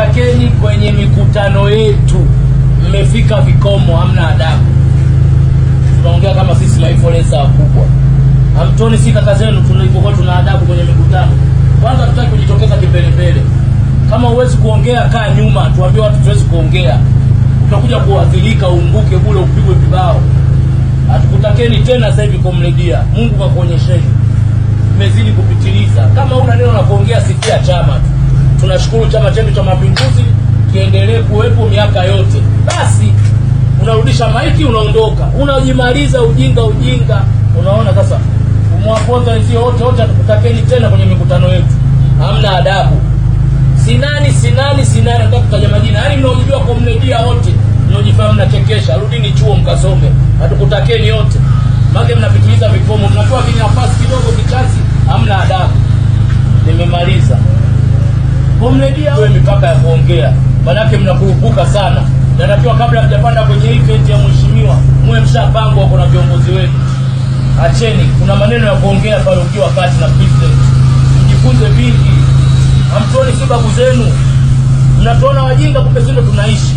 Takeni kwenye mikutano yetu, mmefika vikomo, hamna adabu. Tunaongea kama sisi life forensa wakubwa, hamtoni si kaka zenu tulipokuwa tuna adabu kwenye mikutano. Kwanza tutaki kujitokeza kimbelembele, kama huwezi kuongea kaa nyuma, tuambie watu tuwezi kuongea, utakuja kuathirika, uunguke kule upigwe vibao. Hatukutakeni tena sasa hivi komledia. Mungu kakuonyesheni, mezidi kupitiliza. Kama una neno la kuongea, sifia chama tu tunashukuru chama chetu cha mapinduzi kiendelee kuwepo miaka yote. Basi unarudisha maiki, unaondoka, unajimaliza ujinga ujinga. Unaona sasa, umwaponza wenzio wote wote, atakutakeni tena kwenye mikutano yetu, hamna adabu. Sinani, sinani, sinani, nataka kutaja majina, yaani mnaomjua komnedia wote mnaojifanya mnachekesha, rudini chuo mkasome, hatukutakeni yote make mnapitiliza vifomo mnapewa vinafaa manake mnakurupuka sana, na natakiwa kabla mjapanda kwenye event ya mheshimiwa muwe mshapangwa kuna viongozi wenu. Acheni, kuna maneno ya kuongea pale ukiwa kati na president, mjifunze vingi, hamtuoni si babu zenu, mnatuona wajinga, kumbe sindo tunaishi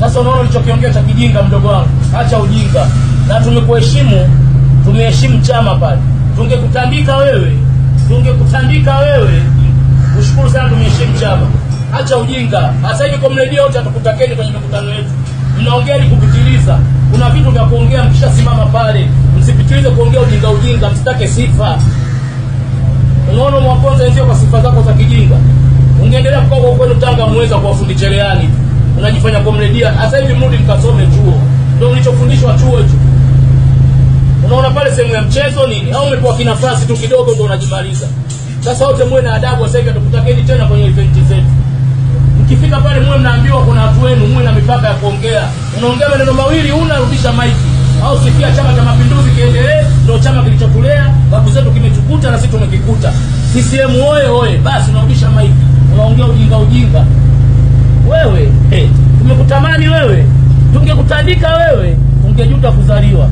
sasa. Unaona ulichokiongea cha kijinga, mdogo wangu, acha ujinga na tumekuheshimu, tumeheshimu chama pale. Tungekutandika wewe, tungekutandika wewe, ushukuru sana, tumeheshimu chama acha ujinga. Sasa hivi kwa mredio wote atakutakeni kwenye mikutano yetu, mnaongea ni kupitiliza. Kuna vitu vya kuongea mkishasimama pale, msipitilize kuongea ujinga ujinga, msitake sifa. Unaona, mwanzo wenzio kwa sifa zako za kijinga. Ungeendelea kwa kwa kwenu Tanga, mweza kuwafundi cherehani, unajifanya kwa komredia. Sasa hivi mrudi mkasome chuo, ndio mlichofundishwa chuo hicho. Unaona pale sehemu ya mchezo nini, au umepewa kinafasi tu kidogo ndio unajimaliza. Sasa wote muwe na adabu. Sasa hivi atakutakeni tena kwenye event zetu mkifika pale muwe mnaambiwa kuna watu wenu, muwe na mipaka ya kuongea. Unaongea maneno mawili, unarudisha maiki au sikia Chama cha Mapinduzi kiendelee, ndio chama kilichokulea babu zetu, kimetukuta na sisi tumekikuta. CCM oye oye! Basi unarudisha maiki, unaongea ujinga ujinga. Wewe hey, tumekutamani wewe, tungekutandika wewe, ungejuta kuzaliwa.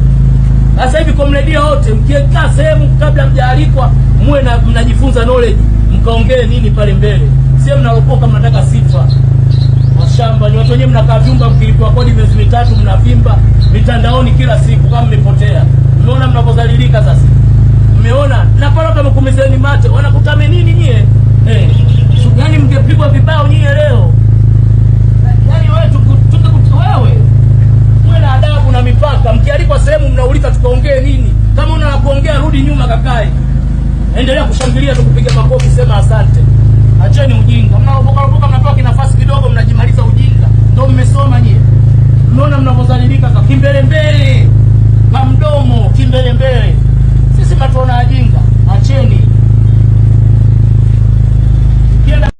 Sasa hivi komredia wote mkiekaa sehemu, kabla mjaalikwa, muwe mnajifunza knowledge, mkaongee nini pale mbele. Sie mnalopoka mnataka sifa. Mashamba ni watu wenyewe, mnakaa vyumba mkilipwa kodi miezi mitatu, mnavimba mitandaoni kila siku kama mmepotea. Mmeona mnapozalilika sasa. Mmeona na pala kama kumezeni mate wanakutame nini nyie? Eh, yaani mngepigwa vibao nyie leo. yani wewe tukutukutu wewe. Mwe na adabu na mipaka. Mkialikwa sehemu mnauliza tukaongee nini? Kama una kuongea rudi nyuma kakae. Endelea kushangilia tukupiga makofi, sema asante. Acheni ujinga, mnaropoka ropoka, mnapewa kinafasi kidogo, mnajimaliza ujinga. Ndio mmesoma nyie, mnaona mnavyozalilika kimbelembele, kwa mdomo kimbelembele.